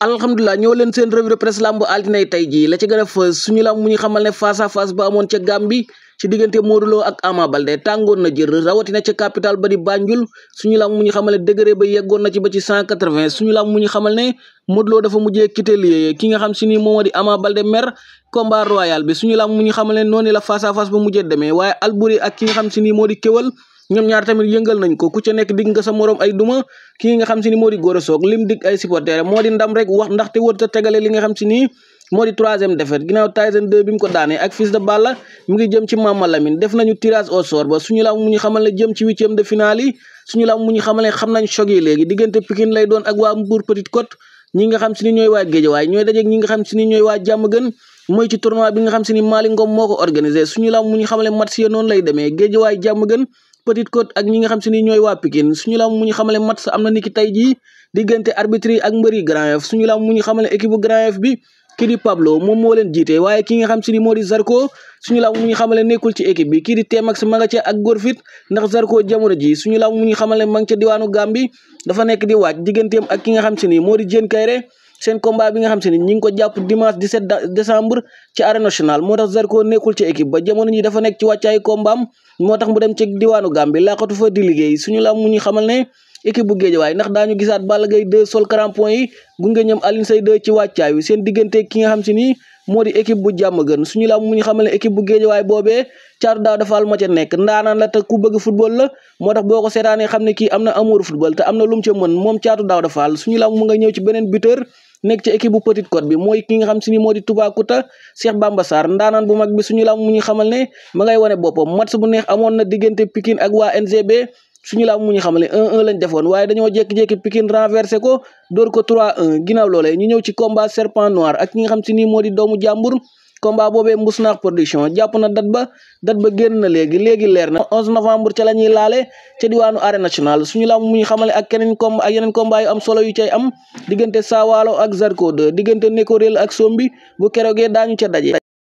alhamdulilah ñoo leen seen revue de presse lamb altine tey jii la ci gën a fës suñu lamb mu ñu xamal ne face à ba amoon ca Gàmbi ci diggante Modou Lo ak Ama Baldé tàngoon na jër rawatina ca capital ba di Banjul suñu lamb mu ñu xamal ne degré ba yeggoon na ci ba ci cent quatre-vingts suñu lamb mu ñu xamal ne Modou Lo dafa mujjee quitté lieu ki nga xam si ni moom di Ama Baldé mer combat royal bi suñu lamb mu ñu xamal ne noonu la face à face ba mujjee demee waaye Albouri ak ki nga xam si moo di kéwal ñoom ñaar tamit yëngal nañ ko ku ca nekk dig nga sa morom ay duma kii nga xam si ni moo di Gora Sock lim dig ay supporter moo di ndaxte wër ta tegale li nga xam si ni moo di troisième défaite ginnaaw Tyson 2 bi mu ko daanee ak fils de Balla mu ngi jëm ci Mama Lamine def nañu tirage au sort ba suñu lam mu ñu xamal ne jëm ci huitième de finale yi suñu la mu ñu xamal xam nañ choc yi léegi diggante Pikine lay doon ak waa Mbour Petite Côte ñi nga xam si ni ñooy waa Géejawaay ñooy dajeeg ñi nga xam ni ñooy waa Jàmmagën mooy ci tournoi bi nga xam si ni Mali Ngom moo ko organisé suñu lam mu ñu xamal ne match ya noonu lay demee Géejawaay Jàmmagën Petite Côte ak ñi nga xam si ni ñooy waa Pikine suñu lam mu ñu xamale match am na niki tey jii diggante arbitre yi ak mbëri Grand Yoff suñu lam mu ñu xamale équipe bu Grand bi kii di moom moo leen jiite waaye ki nga xam si ni moo di Zarko suñu lam mu xamale nekkul ci équipe bi kii di Tmax ma nga ca ak Gorfit ndax Zarko jamono ji suñu lam mu ñu xamale ma nga ca diwaanu Gàmbi dafa nekk di waaj digganteem ak ki nga xam si ni moo di Diène Kayré seen combat bi nga xam se ni ñi ngi ko jàpp dimanche 17 décembre ci arène nationale moo tax Zarko nekkul ci équipe ba jamono ñi dafa nekk ci wàccaay combat am moo tax mu dem ci diwaanu Gàmbi laqatu fa di liggéey suñu la mu ñu xamal ne équipe bu Géejawaay ndax daañu gisaat Balla Gaye 2 sol crampon yi gunge ñoom Alioune Seye 2 ci wàccaay wi seen diggante ki nga xam si ni moo di équipe bu jàmm gën suñu la mu ñu xamal ne équipe bu Géejawaay boobee caatu daaw dafaal moo ca nekk ndaanaan ku bëgg football la moo tax boo ko seetaanee xam ne kii am na amour football te am na lu mu ca mën moom caatu daaw dafaal suñu la nga ñëw ci beneen buteur nekk ci équipe bu Petite bi mooy ki nga xam si ni moo di Toubacouta Bamba Sarr ndaanaan bu mag bi suñu la mu ñu xamal ne ma ngay wane boppam match bu neex amoon na diggante Pikine ak waa NGB suñu laa mu ñu xamale 1-1 lañ defoon waaye dañoo jékki-jékki Pikine renversé ko dóor ko 3-1 ginnaaw loolee ñu ñëw ci combat serpent noir ak ñi nga xam si nii moo di doomu jàmbur combat boobee Mbousnakh production jàpp na date ba date ba génn na léegi léegi leer na 11 novembre ca la ñuy laale ca diwaanu arène nationale suñu lam mu ñu xamale ak keneen combat ak yeneen combat yu am solo yu cay am diggante Sawalo ak Zarko 2 diggante Nekorel ak Sombi bu keroogee daañu ca daje